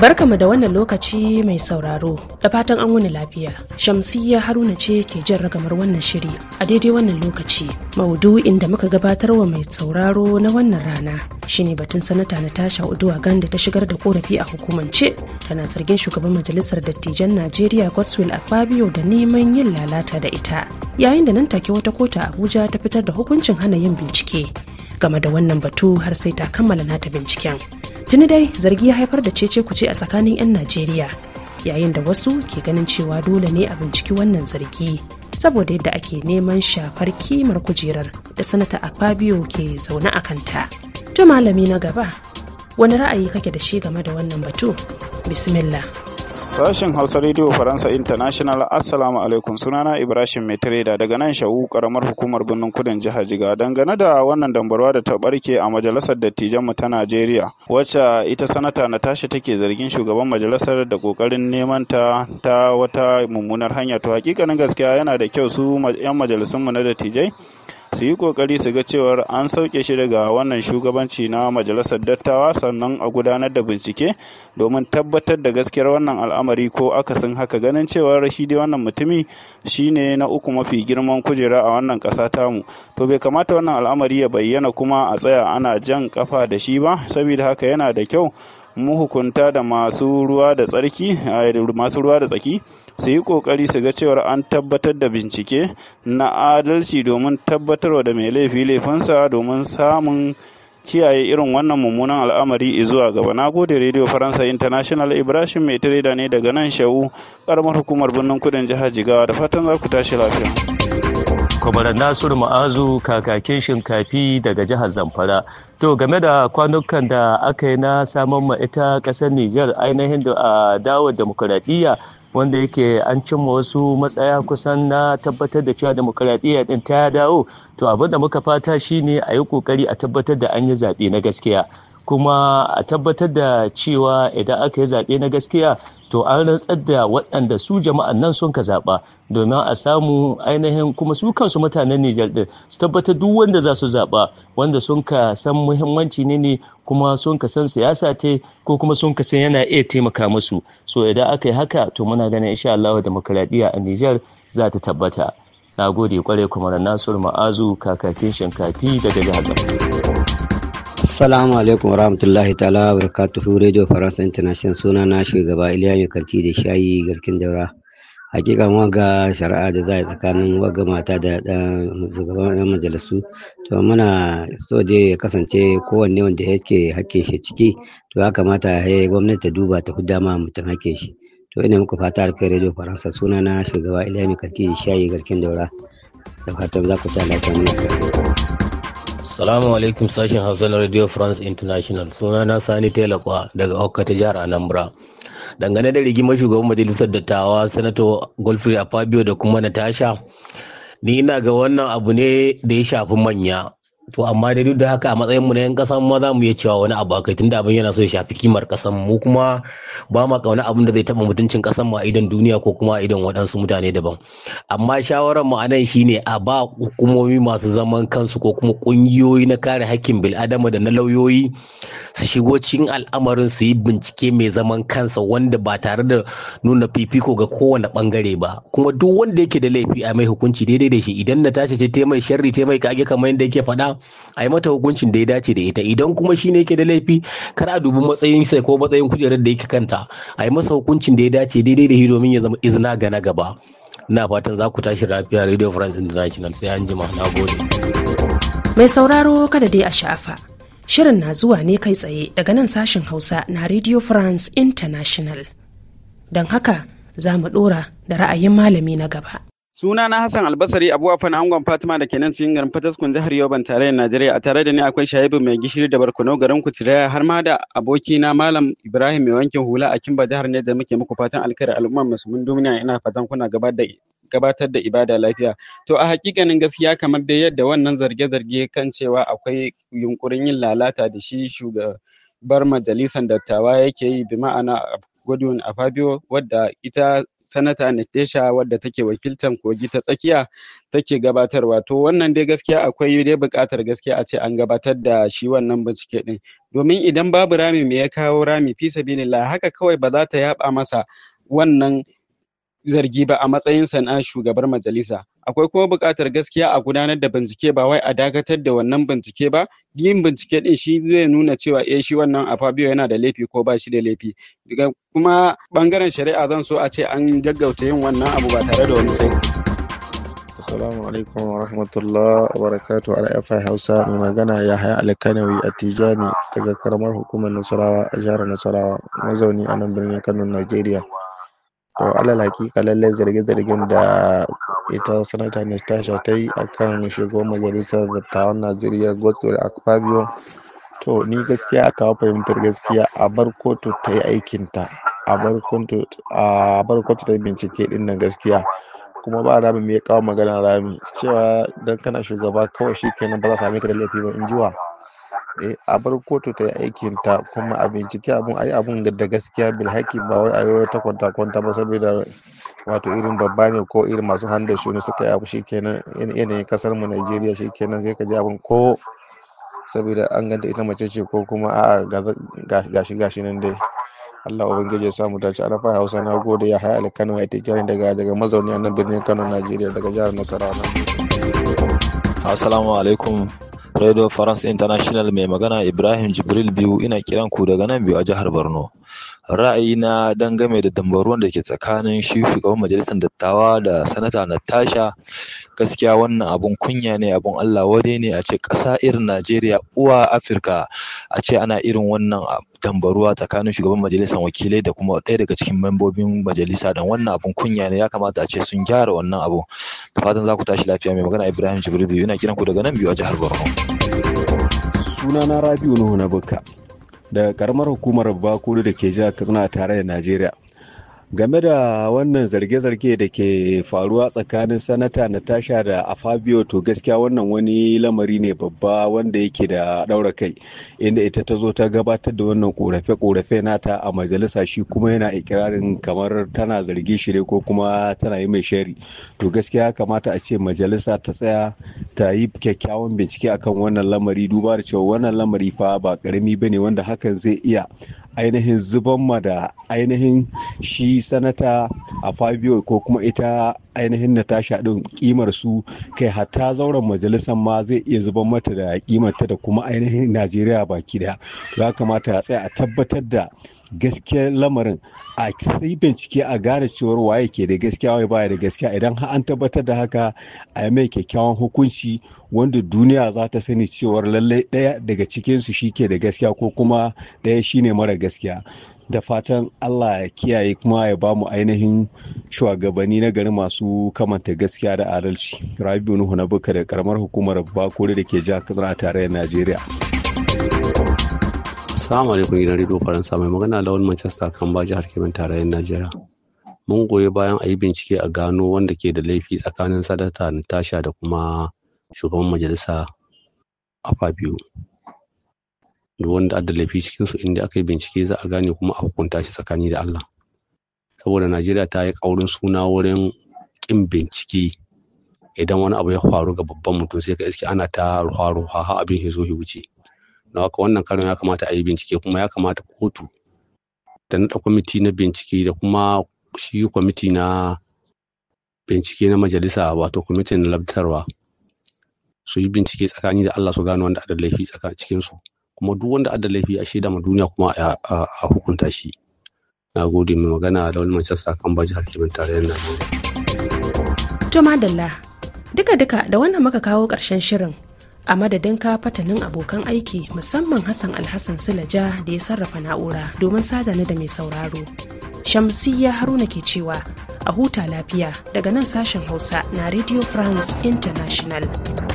Barkamu da wannan lokaci mai sauraro da fatan an wuni lafiya. Shamsiyya Haruna ce ke jin ragamar wannan shiri a daidai wannan lokaci. Maudu'in da muka gabatar wa mai sauraro na wannan rana shine batun sanata na tasha Uduwa Ganda ta shigar da korafi a hukumance tana zargin shugaban majalisar dattijan Najeriya Godswill Akpabio da neman yin lalata da ita. Yayin da nan take wata kota Abuja ta fitar da hukuncin hana yin bincike game da wannan batu har sai ta kammala nata binciken tuni dai zargi ya haifar da cece kuce a tsakanin 'yan najeriya yayin da wasu ke ganin cewa dole ne a binciki wannan zargi saboda yadda ake neman shafar kimar kujerar da sanata akpabio ke zaune a kanta to malami na gaba wani ra'ayi kake da shi game da wannan batu bismillah Sashen Hausa Radio Faransa International Assalamu alaikum sunana Ibrahim Metreda daga nan shawu karamar hukumar birnin kudin jihar Jiga dangane da wannan dambarwa da ta barke a majalisar dattijan mu ta Najeriya wacce ita sanata na tashi take zargin shugaban majalisar da kokarin neman ta ta wata mummunar hanya to hakikanin gaskiya yana da kyau su yan majalisun mu na dattijai su yi kokari su ga cewar an sauke shi daga wannan shugabanci na majalisar dattawa sannan a gudanar da bincike domin tabbatar da gaskiyar wannan al'amari ko aka akasin haka ganin cewar shi dai wannan mutumi shine na uku mafi girman kujera a wannan ƙasa tamu to bai kamata wannan al'amari ya bayyana kuma a tsaya ana jan kafa da shi ba saboda haka yana da kyau muhukunta da masu ruwa da tsarki eh, masu ruwa da tsaki su yi kokari su ga cewar an tabbatar da bincike na adalci domin tabbatarwa da mai laifi laifinsa domin samun kiyaye irin wannan mummunan al'amari zuwa gaba na gode radio faransa international ibrahim mai tireda ne daga nan shawu karamar hukumar birnin kudin jihar jigawa da fatan za ku tashi lafiya kwamar Nasiru Ma'azu kakakin shinkafi daga jihar Zamfara. To game da kwanukan da aka yi na samun ma ita ƙasar Nijar ainihin da a dawo demokuraɗiyya wanda yake an cimma wasu matsaya kusan na tabbatar da cewa demokuraɗiyya ɗin ta dawo. To abinda muka fata shine a yi ƙoƙari a tabbatar da an yi zaɓe na gaskiya. kuma a tabbatar da cewa idan aka yi zaɓe na gaskiya to an rantsar da waɗanda su jama'an nan sun ka zaɓa domin a samu ainihin kuma su kansu mutanen Nijar ɗin su tabbatar duk wanda za su zaɓa wanda sun ka san muhimmanci ne ne kuma sun ka san siyasa ta ko kuma sun ka san yana iya taimaka musu so idan aka yi haka to muna ganin insha Allah demokradiyya a Nijar za ta tabbata. Nagode, gode kwarai kuma Nasiru Ma'azu kakakin shinkafi daga jihar Zamfara. Assalamu alaikum warahmatullahi ta'ala barakatuhu Radio Faransa International suna na shugaba Iliya Mai da Shayi Garkin Daura. Hakika ga shari'a da zai tsakanin waga mata da shugaban ɗan majalisu. To muna so je ya kasance kowanne wanda yake hakkin shi ciki to ya kamata ya gwamnati ta duba ta dama ma mutum hakkin shi. To ina muku fata alkai Radio Faransa suna na shugaba Iliya Mai da Shayi Garkin Daura. Da fatan za ku ta lafiya ne. Salamu alaikum sashen Hausa na Radio France International. Suna na Sani Telakwa daga Hokka jihar Anambra. Dangane da rigimar shugaban majalisar dattawa Sanato Godfrey Afabio da kuma Natasha, ni ina ga wannan abu ne da ya shafi manya. to amma dai duk da haka a matsayin mu na yan kasan ma za mu iya cewa wani abu akai tunda abin yana so ya shafi kimar kasan mu kuma ba ma kauna abin da zai taba mutuncin kasan mu a idan duniya ko kuma a idan waɗansu mutane daban amma shawarar mu anan shine a ba hukumomi masu zaman kansu ko kuma kungiyoyi na kare hakkin bil'adama da na lauyoyi su shigo cikin al'amarin su yi bincike mai zaman kansa wanda ba tare da nuna fifiko ga kowane bangare ba kuma duk wanda yake da laifi a mai hukunci daidai da shi idan na tashi ce mai sharri ce mai kage kamar yadda yake faɗa Ai a yi mata hukuncin da ya dace da ita idan kuma shi ne yake da laifi kar a dubi matsayin sai ko matsayin kujerar da yake kanta a yi masa hukuncin da ya dace daidai da shi domin ya zama izina ga na gaba na fatan za ku tashi lafiya radio france international sai an jima na gode mai sauraro kada dai a sha'afa shirin na zuwa ne kai tsaye daga nan sashen hausa na radio france international don haka za mu dora da ra'ayin malami na gaba Suna na Hassan Albasari abuwa Afan Angon Fatima da ke nan cikin garin Fataskun jihar Yoban tarayyar Najeriya a tare da ni akwai Shaibu mai gishiri da barkono garin Kuciraya har ma da abokina Malam Ibrahim mai wankin hula a Kimba jihar Neja muke muku fatan alkhairi al'umma musulmin duniya ina fatan kuna gabatar da ibada lafiya. To a hakikanin gaskiya kamar dai yadda wannan zarge-zarge kan cewa akwai yunkurin yin lalata da shi shugabar majalisar dattawa yake yi bi ma'ana Godwin Afabio wadda ita sanata Nitesha, wadda take wakiltar kogi ta tsakiya take gabatarwa to wannan dai gaskiya akwai dai buƙatar gaskiya a ce an gabatar da shi wannan bincike din domin idan babu rami me ya kawo rami fi sabilillah haka kawai ba za ta yaba masa wannan zargi ba a matsayin na shugabar majalisa. Akwai kuma buƙatar gaskiya a gudanar da bincike ba wai a dakatar da wannan bincike ba, yin bincike din shi zai nuna cewa eh shi wannan Afabio yana da laifi ko ba shi da laifi. Kuma bangaren shari'a zan so a ce an gaggauta yin wannan abu ba tare da wani sai. Assalamu alaikum wa rahmatullah wa barakatu a FI Hausa mai magana ya haya alkanawi a Tijani daga karamar hukumar Nasarawa a jihar Nasarawa mazauni a nan birnin Kano Najeriya. to alal hakika lallai zarge-zargen da ita sanata nastasha ta yi a kan shugaban majalisar dattawan najeriya godswill akpabio to ni gaskiya a kawo fahimtar gaskiya a bar kotu ta yi aikinta a bar kotu ta yi bincike din nan gaskiya kuma ba rami mai kawo magana rami cewa dan kana shugaba kawai shi kenan ba za a same ka da laifi ba in jiwa Eh, a bar kotu ta yi aikin ta kuma a bincike abun ayi abun da gaskiya bil haki ba wai ayo ta kwanta kwanta ba saboda wato irin babba ne ko irin masu handa shi ne suka yi abu shikenan yanayin kasar mu Najeriya shikenan sai ka ji abun ko saboda an ganta ita mace ce ko kuma a'a gashi gashi nan dai Allah ubangiji ya samu dace arafa Hausa na gode ya haya alkano ya tijani daga daga mazauni a nan birnin Kano Najeriya daga jihar Nasarawa. Assalamu alaikum Radio France International mai magana Ibrahim Jibril biyu ina kiran ku daga nan biyu a jihar Borno. Ra'ayi Ra'ayina game da dambaruwan da ke tsakanin shi shugaban majalisar dattawa da sanata Natasha gaskiya wannan abun kunya ne abun Allah wade ne a ce ƙasa irin Najeriya uwa Afirka a ce ana irin wannan dambaruwa tsakanin shugaban majalisar wakilai da kuma ɗaya daga cikin membobin majalisa don wannan abun kunya ne ya kamata a ce sun gyara wannan abu da fatan za ku tashi lafiya mai magana Ibrahim Jibril yana kiran ku daga nan biyu a jihar Borno sunana Rabiu Nuhu na Bukka da karamar hukumar Bakuru da ke jihar Katsina tare da Najeriya game da wannan zarge-zarge da ke faruwa tsakanin sanata natasha da afabio to gaskiya wannan wani lamari ne babba wanda yake da daura kai inda ita ta zo ta gabatar da wannan korafe-korafe nata a majalisa shi kuma yana ikirarin kamar tana zarge shi ne ko kuma tana yi mai shari to gaskiya ya kamata a ce majalisa ta tsaya ta yi kyakkyawan bincike akan wannan lamari duba da cewa wannan lamari fa ba karami bane wanda hakan zai iya ainihin zuban ma da ainihin shi sanata a fabio ko kuma ita ainihin Natasha ɗin kimar su kai hatta zauren majalisar ma zai iya zuban mata da kimarta da kuma ainihin Najeriya baki daya ya kamata a tsaya a tabbatar da gaskiyar lamarin a sai bincike a gane cewar waye ke da gaskiya waye baya da gaskiya idan har an tabbatar da haka a yi mai kyakkyawan hukunci wanda duniya za ta sani cewar lallai ɗaya daga cikinsu shi ke da gaskiya ko kuma ɗaya shine mara gaskiya da fatan allah ya kiyaye kuma ya bamu ainihin shugabanni na gari masu kamanta gaskiya da adalci rabiu nuhu na buka da karamar hukumar bakore da ke jihar katsina a tarayyar najeriya salamu alaikum gidan rido Faransa mai magana da wani Manchester kan ba jihar kimin tarayyar Najeriya. Mun goyi bayan a yi bincike a gano wanda ke da laifi tsakanin sadata Natasha da kuma shugaban majalisa Afa biyu. duk wanda adda laifi cikin su inda aka yi bincike za a gane kuma a hukunta shi tsakani da Allah saboda Najeriya ta yi kaurin suna wurin kin bincike idan wani abu ya faru ga babban mutum sai ka iske ana ta ruwa ha ha abin ya zo ya wuce na haka wannan karin ya kamata a yi bincike kuma ya kamata kotu da naɗa kwamiti na bincike da kuma shi kwamiti na bincike na majalisa wato kwamitin na labtarwa su yi bincike tsakani da Allah su gano wanda da laifi cikin su kuma duk wanda adda laifi a shaida ma duniya kuma a hukunta shi na gode mai magana da wani manchester kan baji hakimin tarayyar najeriya to madalla duka duka da wannan muka kawo karshen shirin a madadin ka fatanin abokan aiki musamman hassan alhassan silaja da ya sarrafa na'ura domin sadana da mai sauraro shamsiyya haruna ke cewa a huta lafiya daga nan sashen hausa na radio france international